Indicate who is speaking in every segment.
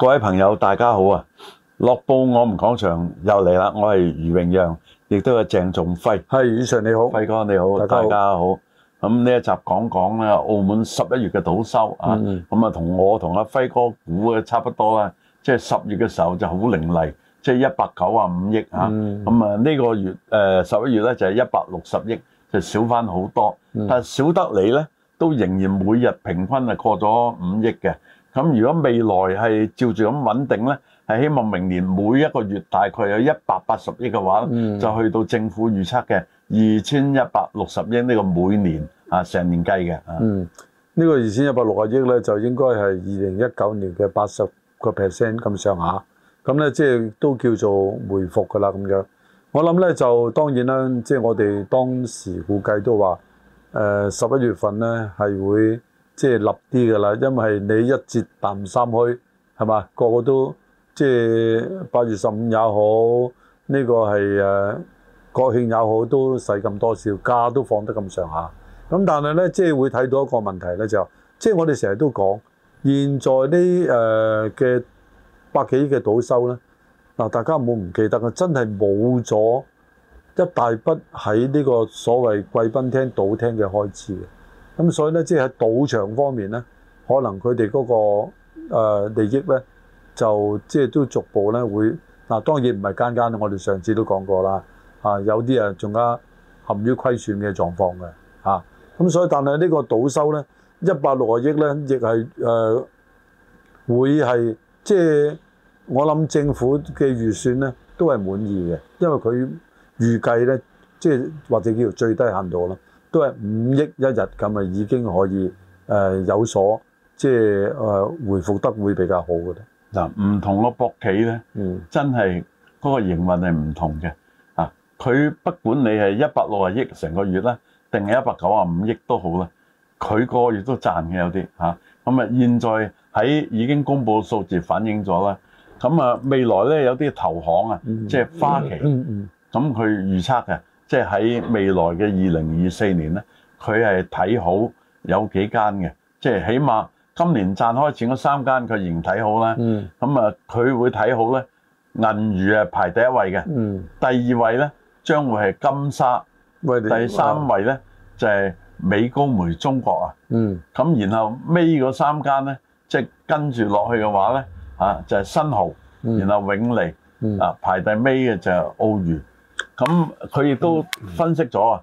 Speaker 1: 各位朋友，大家好啊！樂報我們講場又嚟啦，我係余榮讓，亦都係鄭仲輝。係以上你好，輝哥你好，大家好。咁呢一集講講咧，澳門十一月嘅賭收啊，咁啊同我同阿輝哥估嘅差不多啦。即係十月嘅時候就好凌厲，即係一百九啊五億啊。咁啊呢個月誒十一月咧就係一百六十億，就少翻好多。但係少得嚟咧，都仍然每日平均係過咗五億嘅。咁如果未來係照住咁穩定咧，係希望明年每一個月大概有一百八十億嘅話，嗯、就去到政府預測嘅二千一百六十億呢個每年啊，成年計嘅。
Speaker 2: 嗯，這個、億呢個二千一百六十億咧，就應該係二零一九年嘅八十個 percent 咁上下。咁咧，即係都叫做回復噶啦咁樣。我諗咧，就當然啦，即係我哋當時估計都話，誒十一月份咧係會。即係立啲㗎啦，因為你一節淡三墟，係嘛？個個都即係八月十五也好，呢個係誒國慶也好，都使咁多少假都放得咁上下。咁但係咧，即係會睇到一個問題咧，就即係我哋成日都講，現在呢誒嘅百幾億嘅賭收咧，嗱大家唔好唔記得啊？真係冇咗一大筆喺呢個所謂貴賓廳賭廳嘅開支嘅。咁所以咧，即、就、係、是、賭場方面咧，可能佢哋嗰個，呃，利益咧，就即係都逐步咧會嗱，啊，當然唔係間間，我哋上次都講過啦，啊有啲啊仲加陷於虧損嘅狀況嘅嚇。咁，啊，所以，但係呢個賭收咧一百六十億咧，亦係誒會係即係我諗政府嘅預算咧都係滿意嘅，因為佢預計咧即係或者叫做最低限度咯。都係五億一日咁啊，已經可以誒、呃、有所即係誒、
Speaker 1: 呃、回復得會比較好嘅啦。嗱，唔同嘅博企咧，嗯、真係嗰個營運係唔同嘅。啊，佢不管你係一百六十億成個月啦，定係一百九十五億都好啦，佢個月都賺嘅有啲嚇。咁啊，啊，現在喺已經公佈數字反映咗啦。咁啊，啊，未來咧有啲投行啊，嗯、即係花旗咁佢、嗯嗯嗯、預測嘅。即係喺未來嘅二零二四年咧，佢係睇好有幾間嘅，即、就、係、是、起碼今年賺開錢嗰三間，佢仍然睇好啦。咁啊，佢會睇好咧銀娛啊排第一位嘅，嗯、第二位咧將會係金沙，喂第三位咧哇就係美高梅中國啊。咁、嗯、然後尾嗰三間咧，即、就、係、是、跟住落去嘅話咧嚇就係、是、新豪，嗯、然後永利啊、嗯、排第尾嘅就係澳娛。咁佢亦都分析咗啊，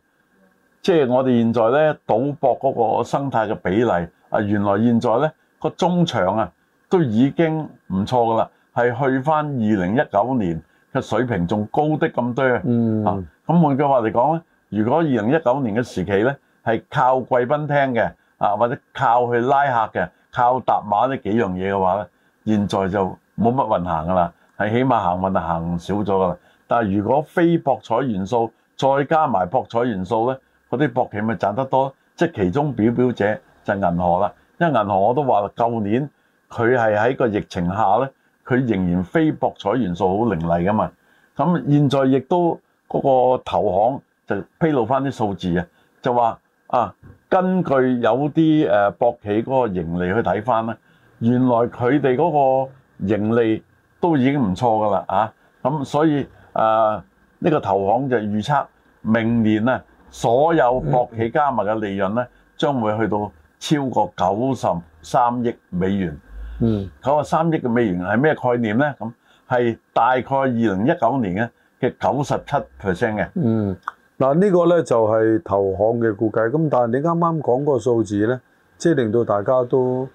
Speaker 1: 即係我哋現在咧賭博嗰個生態嘅比例啊，原來現在咧個中場啊都已經唔錯噶啦，係去翻二零一九年嘅水平仲高啲咁多啊。嗯，咁換句話嚟講咧，如果二零一九年嘅時期咧係靠貴賓廳嘅啊，或者靠去拉客嘅，靠搭馬呢幾樣嘢嘅話咧，現在就冇乜運行噶啦，係起碼行運行少咗噶啦。但係如果非博彩元素再加埋博彩元素咧，嗰啲博企咪賺得多？即係其中表表者就銀河啦，因為銀河我都話舊年佢係喺個疫情下咧，佢仍然非博彩元素好凌厲噶嘛。咁現在亦都嗰個投行就披露翻啲數字啊，就話啊，根據有啲誒博企嗰個盈利去睇翻咧，原來佢哋嗰個盈利都已經唔錯噶啦啊，咁所以。誒呢、啊這個投行就預測明年咧，所有博企加埋嘅利潤咧，嗯、將會去到超過九十三億美元。嗯，九十三億嘅美元係咩概念咧？咁係大概二零一九年嘅嘅九十七 percent 嘅。嗯，嗱、這個、呢個咧就係
Speaker 2: 投行嘅估計。咁但係你啱啱講個數字咧，即、就、係、是、令到大家都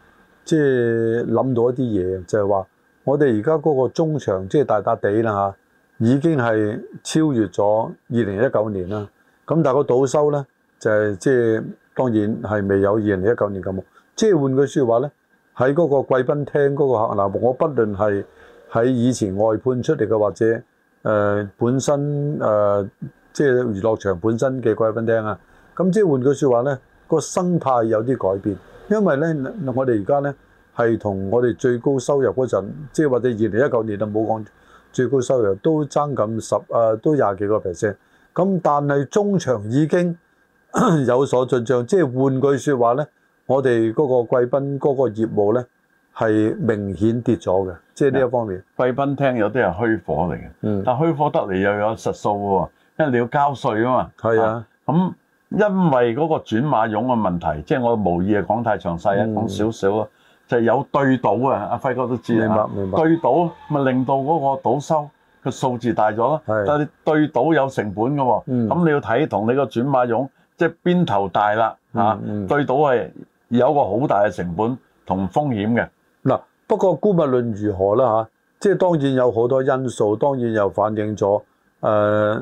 Speaker 2: 即係諗到一啲嘢，就係、是、話我哋而家嗰個中場即係大笪地啦嚇。已經係超越咗二零一九年啦，咁但係個賭收咧就係即係當然係未有二零一九年咁旺。即係換句説話咧，喺嗰個貴賓廳嗰個客，嗱我不論係喺以前外判出嚟嘅，或者誒、呃、本身誒即係娛樂場本身嘅貴賓廳啊。咁即係換句説話咧，個生態有啲改變，因為咧我哋而家咧係同我哋最高收入嗰陣，即係或者二零一九年都冇講。沒說最高收入都爭咁十、啊、都廿幾個 percent。咁但係中場已經有所進帳，即係換句說話咧，我哋嗰個貴賓嗰個業務咧係明顯跌咗嘅，即係呢一方
Speaker 1: 面。貴賓廳有啲係虛火嚟嘅，嗯，但虛虛火得嚟又有實數喎，因為你要交稅啊嘛。係啊，咁、啊、因為嗰個轉馬俑嘅問題，即、就、係、是、我無意係講太詳細啊，嗯、講少少啊。就有對賭啊，阿輝哥都知啊。明明對賭咪令到嗰個賭收嘅數字大咗咯。是但係對賭有成本嘅喎，咁、嗯、你要睇同你個轉碼佣，即係邊頭大啦嚇。嗯嗯對賭係有個好大嘅成本同風險嘅。嗱、啊，不過
Speaker 2: 姑勿論如何啦嚇、啊，即係當然有好多
Speaker 1: 因素，當
Speaker 2: 然又反映咗誒、呃、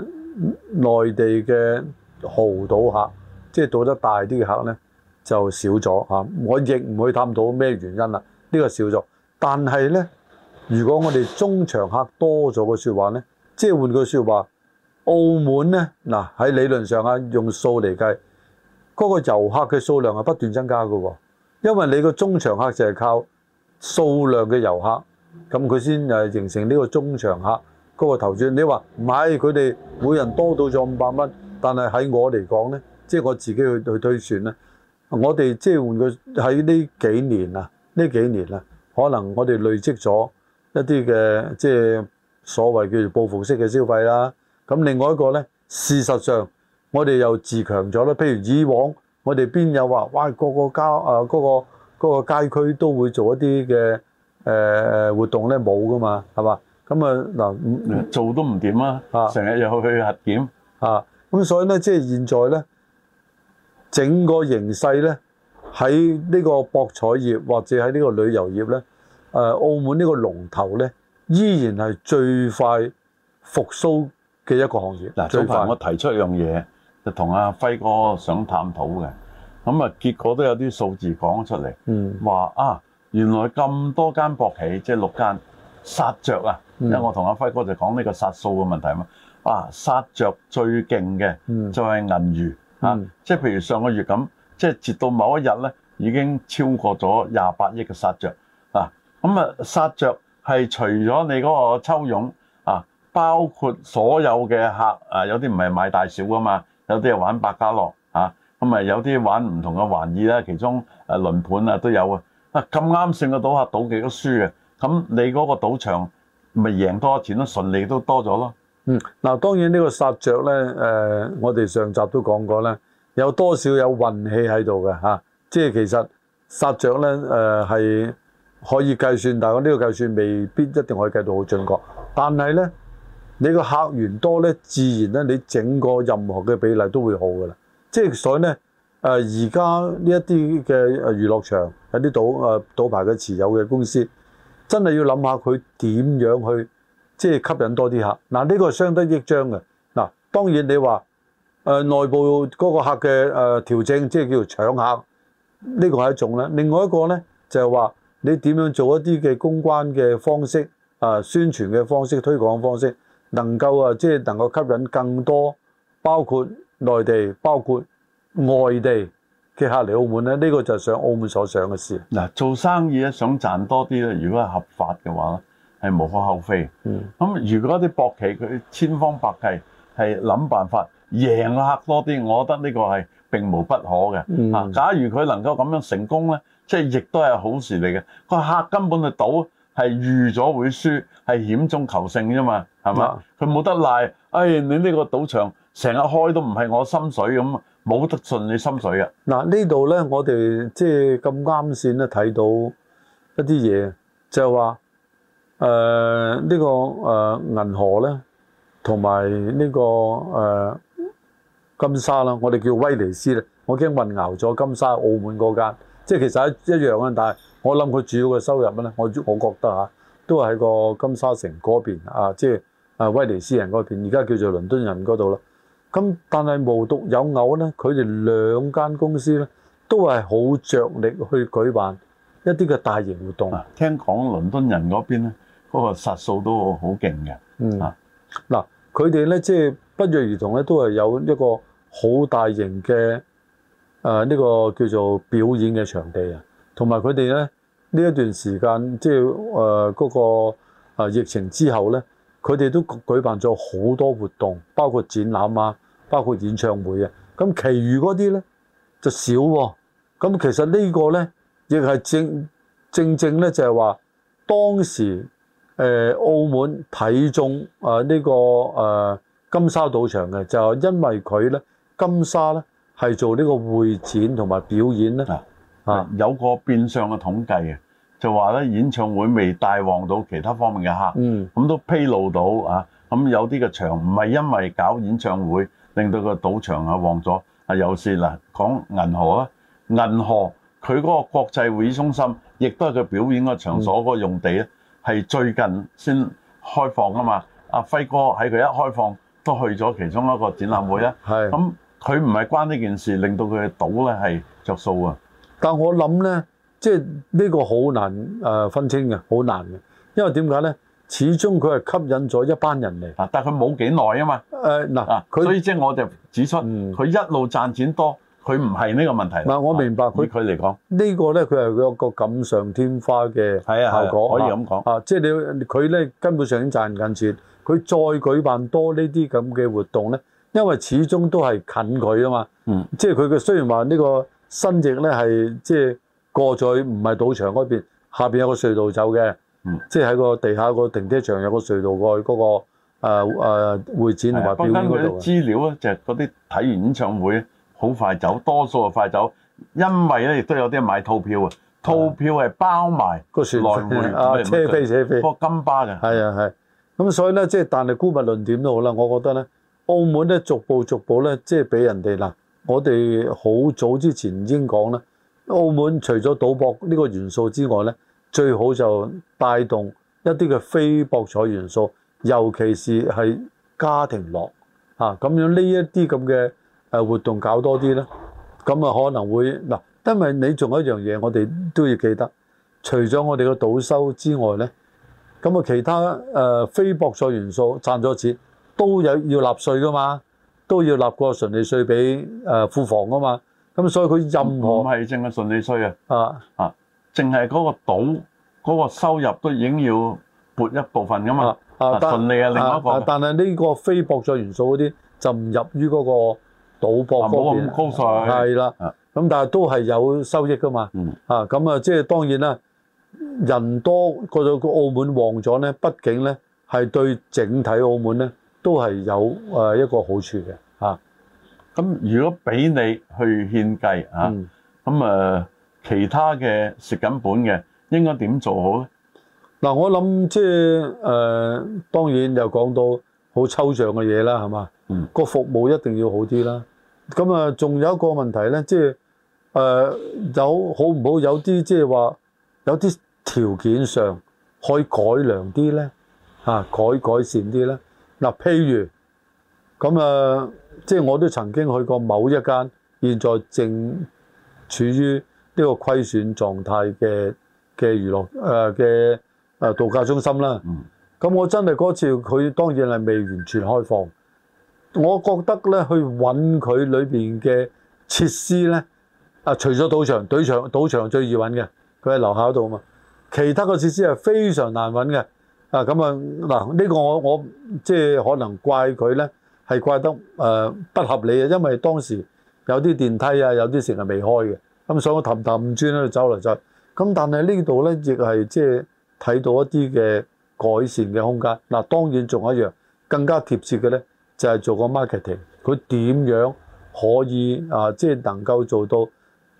Speaker 2: 內地嘅豪賭客，即係賭得大啲嘅客咧。就少咗嚇，我亦唔會探討咩原因啦。呢個少咗，但係呢，如果我哋中場客多咗嘅説話呢，即係換句説話，澳門呢，嗱喺理論上啊，用數嚟計，嗰、那個遊客嘅數量係不斷增加嘅喎，因為你個中場客就係靠數量嘅遊客，咁佢先誒形成呢個中場客嗰個投注。你話買佢哋每人多到咗五百蚊，但係喺我嚟講呢，即係我自己去去推算咧。我哋即係換過喺呢幾年啊，呢幾年啊，可能我哋累積咗一啲嘅即係所謂叫做報復式嘅消費啦。咁另外一個咧，事實上我哋又自強咗啦。譬如以往我哋邊有話哇個個家啊，嗰個嗰個街區都會做一啲嘅誒活動咧，冇噶嘛，係嘛？咁啊，嗱做都唔掂啊，啊，成日又去核檢啊。咁所以咧，即係現在咧。整個形勢呢，喺呢個博彩業或者喺呢個旅遊業呢，誒、呃，澳門呢個龍頭呢，依然係最快復甦
Speaker 1: 嘅一個行業。嗱，早排、啊、我提出一樣嘢，就同阿輝哥想探討嘅，咁啊，結果都有啲數字講出嚟，話、嗯、啊，原來咁多間博企，即係六間殺着啊，嗯、因為我同阿輝哥就講呢個殺數嘅問題嘛，啊，殺着最勁嘅就係銀娛。嗯嗯、啊！即係譬如上個月咁，即係截到某一日咧，已經超過咗廿八億嘅殺着。啊！咁、嗯、啊，殺着係除咗你嗰個抽傭啊，包括所有嘅客啊，有啲唔係買大小噶嘛，有啲係玩百家樂啊，咁啊有啲玩唔同嘅玩意啦，其中啊輪盤啊都有啊。咁啱算嘅賭客賭幾都輸啊。咁你嗰個賭場咪贏多錢都順利都多咗咯。
Speaker 2: 嗯，嗱，當然呢個殺雀咧、呃，我哋上集都講過啦，有多少有運氣喺度嘅嚇，即係其實殺雀咧，呃、係可以計算，但係我呢個計算未必一定可以計到好準確。但係咧，你個客源多咧，自然咧，你整個任何嘅比例都會好噶啦。即係所以咧，誒而家呢一啲嘅娛樂場有啲賭誒賭牌嘅持有嘅公司，真係要諗下佢點樣去。即係吸引多啲客，嗱，呢個相得益彰嘅。嗱，當然你話誒內部嗰個客嘅誒調整，即係叫做搶客，呢個係一種啦。另外一個咧就係話你點樣做一啲嘅公關嘅方式啊、宣傳嘅方式、推廣方式，能夠啊即係能夠吸引更多，包括內地、包
Speaker 1: 括外地嘅客嚟澳門咧。呢個就係上澳門所想嘅事。嗱，做生意咧想賺多啲咧，如果係合法嘅話。係無可厚非。咁如果啲博企佢千方百計係諗辦法贏客多啲，我覺得呢個係並無不可嘅。啊、嗯，假如佢能夠咁樣成功咧，即係亦都係好事嚟嘅。個客根本係賭，係預咗會輸，係險中求勝啫嘛，係嘛？佢冇、嗯、得賴哎，你呢個賭場成日開都唔係我心水咁，冇得順你心水㗎。
Speaker 2: 嗱、啊，呢度咧，我哋即係咁啱線都睇到一啲嘢，就係話。誒呢、呃這個誒、呃、銀河咧，同埋呢個誒、呃、金沙啦，我哋叫威尼斯咧。我驚混淆咗金沙澳門嗰間，即係其實一一樣啊。但係我諗佢主要嘅收入咧，我我覺得嚇、啊、都喺個金沙城嗰邊啊，即係啊威尼斯人嗰邊，而家叫做倫敦人嗰度啦。咁但係無獨有偶咧，佢哋兩間公司咧都係好着力去舉辦一啲嘅大型活動。聽講倫敦人嗰邊咧～嗰個、哦、實數都好勁嘅，嗯、啊嗱，佢哋咧即係不約而同咧，都係有一個好大型嘅誒呢個叫做表演嘅場地啊，同埋佢哋咧呢一段時間即係誒嗰個誒疫情之後咧，佢哋都舉辦咗好多活動，包括展覽啊，包括演唱會啊，咁其餘嗰啲咧就少喎、啊。咁其實呢個呢個咧亦係正正正咧就係話當時。誒澳門睇中啊呢個誒金沙賭場嘅，就因為佢呢金沙呢
Speaker 1: 係做呢個會展同埋表演呢啊，有個變相嘅統計嘅，就話咧演唱會未帶旺到其他方面嘅客，咁、嗯、都披露到啊，咁有啲嘅場唔係因為搞演唱會令到個賭場啊旺咗啊。有時嗱，講銀河啊，銀河佢嗰個國際會議中心亦都係佢表演嘅場所嗰個用地咧。嗯係最近先開放噶嘛？阿輝哥喺佢一開放都去咗其中一個展覽會咧。係咁、嗯，佢唔係關呢件事，令到佢嘅賭咧係着數啊！的但我諗咧，即係呢個好
Speaker 2: 難誒、呃、分清嘅，好難嘅，因為點解咧？始終佢係吸引咗一班人
Speaker 1: 嚟啊，但係佢冇幾耐啊嘛。誒嗱、呃啊，所以即係我哋指出，佢、嗯、一路賺錢多。佢唔係呢個問題。嗱、嗯，我明白佢佢嚟講
Speaker 2: 呢個咧，佢係有個錦上添花嘅效果，啊啊、可以咁講。啊，即、就、係、是、你佢咧根本上已經賺緊錢。佢再舉辦多呢啲咁嘅活動咧，因為始終都係近佢啊嘛。嗯，即係佢嘅雖然話呢個新翼咧係即係過咗去，唔係賭場嗰邊，下邊有個隧道走嘅。嗯，即係喺個地下個停車場有個隧道過去嗰個
Speaker 1: 誒誒、呃呃、會展同埋表演啲、啊、資料啊，就係嗰啲睇完演唱會。好快走，多數係快走，因為咧亦都有啲人買套票啊，套票係包埋個船、來回、啊、車飛、車飛，
Speaker 2: 個金巴嘅。係啊係，咁所以咧即係，但係姑勿論點都好啦，我覺得咧，澳門咧逐步逐步咧即係俾人哋啦，我哋好早之前已經講啦，澳門除咗賭博呢個元素之外咧，最好就帶動一啲嘅非博彩元素，尤其是係家庭樂啊咁樣呢一啲咁嘅。誒活動搞多啲咧，咁啊可能會嗱，因為你仲有一樣嘢，我哋都要記得，除咗我哋嘅賭收之外咧，咁啊其他誒、呃、非博彩元素賺咗錢都有要納稅噶嘛，都要納過純利稅俾誒庫
Speaker 1: 房噶嘛。咁所以佢任何唔係淨係純利稅啊啊啊，淨係嗰個賭嗰、嗰個收入都已經要撥一部分噶嘛啊純、啊、利嘅另一個、啊啊、但
Speaker 2: 係呢個非博彩元素嗰啲就唔入於嗰、嗰個。賭
Speaker 1: 博方
Speaker 2: 面係啦，咁但係都係有收益噶嘛。啊，咁啊，即係當然啦，人多過到個澳門旺咗咧，畢竟咧係對整體澳門咧都係有誒一個好處嘅。
Speaker 1: 嚇，咁如果俾你去獻計啊，咁誒其他嘅蝕緊本嘅應該點做好咧？嗱，我諗即係誒，當然又講到
Speaker 2: 好抽象嘅嘢啦，係嘛？個服務一定要好啲啦。咁啊，仲有一個問題咧，即係誒有好唔好有啲即係話，有啲條件上可以改良啲咧，嚇、啊、改改善啲咧。嗱、啊，譬如咁啊，即係、呃即係、我都曾經去過某一間，現在正處於呢個虧損狀態嘅嘅娛樂誒嘅誒度假中心啦。咁、嗯、我真係嗰次佢當然係未完全開放。我覺得咧，去揾佢裏邊嘅設施咧，啊，除咗賭場、賭場、賭場最易揾嘅，佢喺樓下度啊嘛。其他嘅設施係非常難揾嘅。啊，咁啊，嗱，呢個我我即係可能怪佢咧，係怪得誒、呃、不合理啊。因為當時有啲電梯啊，有啲成日未開嘅，咁、啊、所以我氹氹轉喺度走嚟走。咁、啊、但係呢度咧亦係即係睇到一啲嘅改善嘅空間。嗱、啊，當然仲有一樣更加貼切嘅咧。就係做個 marketing，佢點樣可以啊？即係能夠做到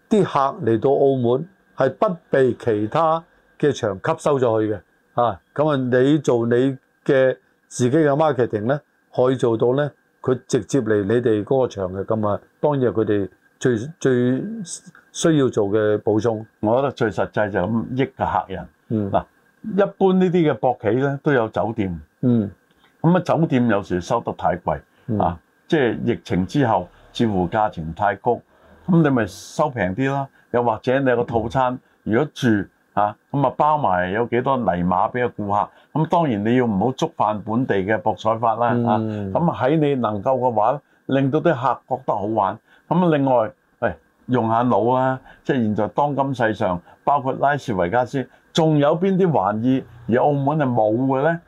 Speaker 2: 啲客嚟到澳門係不被其他嘅場吸收咗去嘅啊？咁啊，你做你嘅自己嘅 marketing 咧，可以做到咧？佢直接嚟你哋嗰個場嘅，咁啊，當然係佢哋
Speaker 1: 最最需要做嘅補充。我覺得最實際就咁益個客人。嗯，嗱，一般呢啲嘅博企咧都有酒店。嗯。咁啊，酒店有時收得太貴、嗯、啊，即、就、係、是、疫情之後，似乎價錢太高，咁你咪收平啲啦。又或者你有個套餐，嗯、如果住啊，咁啊包埋有幾多泥馬俾個顧客，咁當然你要唔好觸犯本地嘅博彩法啦。咁喺你能夠嘅話，令到啲客覺得好玩。咁啊，另外，喂、哎，用下腦啦，即係現在當今世上，包括拉斯維加斯，仲有邊啲玩意，而澳門係冇嘅咧？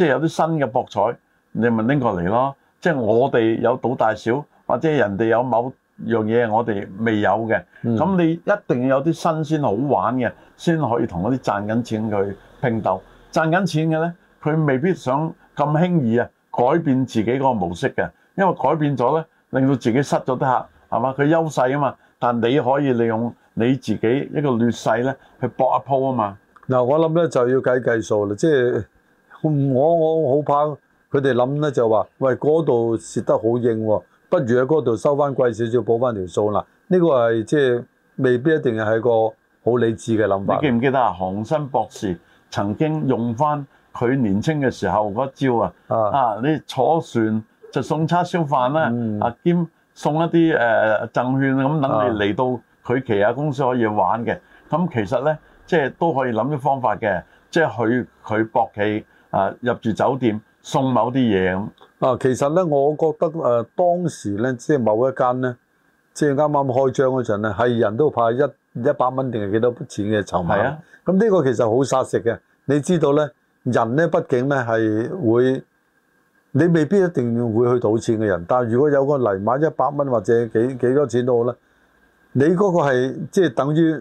Speaker 1: 即係有啲新嘅博彩，你咪拎過嚟咯。即係我哋有賭大小，或者人哋有某樣嘢我哋未有嘅，咁、嗯、你一定要有啲新鮮好玩嘅，先可以同嗰啲賺緊錢去拼鬥。賺緊錢嘅咧，佢未必想咁輕易啊改變自己個模式嘅，因為改變咗咧，令到自己失咗得客，係嘛？佢優勢啊嘛。但你可以利用你自己一個劣勢咧，去搏一鋪啊嘛。
Speaker 2: 嗱，我諗咧就要計計數啦，即係。我我好怕佢哋諗咧，就話喂嗰度蝕得好硬喎，不如喺嗰度收翻貴少少，補翻條數啦。呢、這個係即係未必一定係個好理智嘅諗法。你記唔記得啊？
Speaker 1: 韓新博士曾經用翻佢年青嘅時候嗰招啊，啊，啊，你坐船就送叉燒飯啦、啊，啊、嗯、兼送一啲誒、呃、贈券咁等你嚟到佢旗下公司可以玩嘅。咁其實咧，即、就、係、是、都可以諗啲方法嘅，即係佢佢博企。啊！入住酒店送某啲嘢咁啊！其實咧，我覺得誒、呃、當時咧，即係某一間咧，
Speaker 2: 即係啱啱開張嗰陣咧，係人都派一一百蚊定係幾多筆錢嘅籌碼。啊！咁呢、嗯這個其實好殺食嘅。你知道咧，人咧畢竟咧係會，你未必一定會去賭錢嘅人。但係如果有個嚟買一百蚊或者幾幾多錢都好啦，你嗰個係即係等於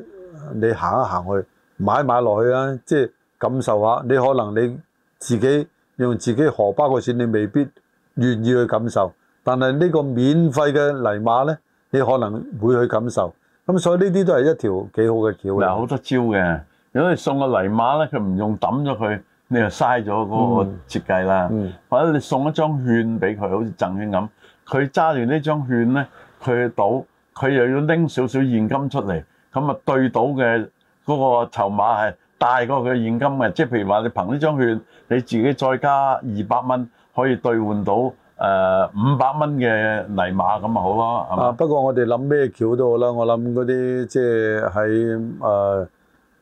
Speaker 2: 你行一行去買買落去啊！即係感受下，你可能你。自己用自己荷包嘅錢，你未必願意去感受，但係呢個免費嘅泥馬咧，你可
Speaker 1: 能會去感受。咁所以呢啲都係一條幾好嘅橋。嗱，好多招嘅，如果你送個泥馬咧，佢唔用抌咗佢，你就嘥咗嗰個設計啦。嗯嗯、或者你送一張券俾佢，好似贈券咁，佢揸完呢張券咧，佢去賭，佢又要拎少少現金出嚟，咁啊對賭嘅嗰個籌碼係，大過佢現金嘅，即係譬如話你憑呢張券，你自己再加二百蚊，可以兌換到誒五百蚊嘅泥馬咁咪好咯，係嘛？啊！不過我哋
Speaker 2: 諗咩橋都好啦，我諗嗰啲即係喺誒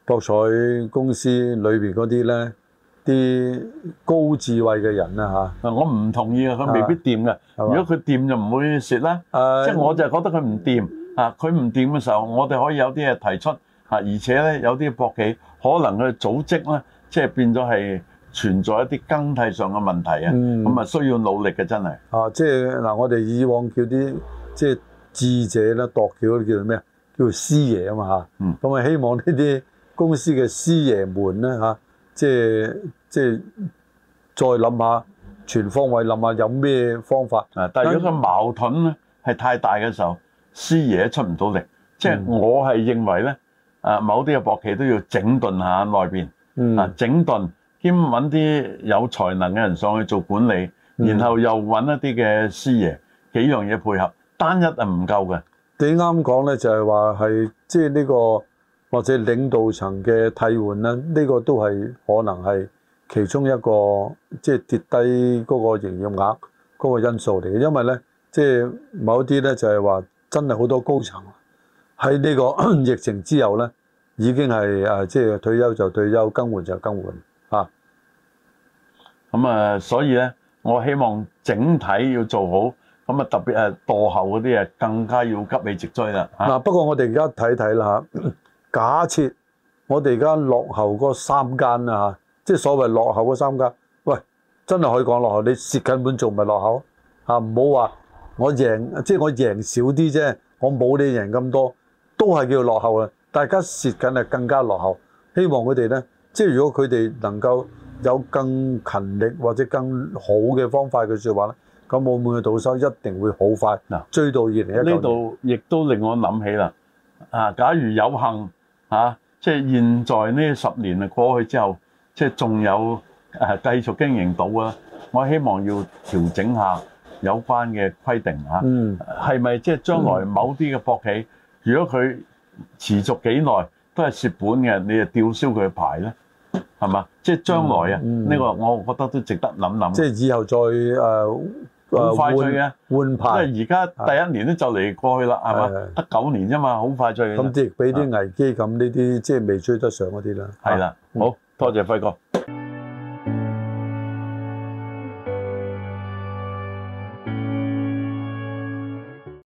Speaker 2: 博彩公司裏面嗰啲咧，啲高智慧嘅人啦嚇。啊、
Speaker 1: 我唔同意啊，佢未必掂嘅。如果佢掂就唔會蝕啦。誒，即係我就覺得佢唔掂啊！佢唔掂嘅時候，我哋可以有啲嘢提出。啊！而且咧，有啲博企可能佢組織咧，即係變咗係存在一啲更替上嘅問題啊。咁啊、嗯，需要努力嘅真係
Speaker 2: 啊！即係嗱、啊，我哋以往叫啲即係智者啦，度叫嗰啲叫做咩啊？叫師、嗯、爺啊嘛吓咁啊，希望呢啲公司嘅師爺們咧，即係即係再諗下全
Speaker 1: 方位諗下有咩方法啊。啊但如果個矛盾咧係太大嘅時候，師爺都出唔到力。嗯、即係我係認為咧。啊，某啲嘅博企都要整頓下內邊，啊、嗯、整頓兼揾啲有才能嘅人上去做管理，嗯、然後又揾一啲嘅師爺幾樣嘢配合，單一係唔夠嘅。
Speaker 2: 你啱講咧，就係、是、話，係即係呢個或者領導層嘅替換咧，呢、這個都係可能係其中一個即係、就是、跌低嗰個營業額嗰個因素嚟嘅，因為咧即係某啲咧就係話真係好多高層喺呢、這個 疫情之後咧。已經係誒，即係退休就退休，更換就更換，
Speaker 1: 吓咁啊！所以咧，我希望整體要做好，咁啊，特別係，墮後嗰啲誒，更加要急起直追啦。嗱，
Speaker 2: 不過我哋而家睇睇啦吓，假設我哋而家落後嗰三間啦吓，即係所謂落後嗰三間，喂，真係可以講落後。你蝕緊本做咪落後？吓，唔好話我贏，即係我贏少啲啫，我冇你贏咁多，都係叫落後啊！大家蝕緊係更加落後，希望佢哋咧，即係如果佢哋能夠有更勤力或者更好嘅方法嘅話咧，咁澳門嘅賭收一定會好快嗱追到二零一。呢度
Speaker 1: 亦都令我諗起啦，啊，假如有幸嚇、啊，即係現在呢十年啊過去之後，即係仲有誒、啊、繼續經營到啊，我希望要調整一下有關嘅規定嚇，係、啊、咪、嗯、即係將來某啲嘅博企，嗯、如果佢？持續幾耐都係蝕本嘅，你就吊銷佢牌咧，係嘛？即係將來啊，呢、嗯嗯、個我覺得都值得諗諗。即係以後再
Speaker 2: 誒，換、呃、牌。即係而
Speaker 1: 家第一年都就嚟過去啦，係嘛？得九年咋嘛，好快脆。咁即係俾啲危
Speaker 2: 機咁呢啲，即係未追得上嗰啲啦。
Speaker 1: 係啦的，嗯、好多謝輝哥。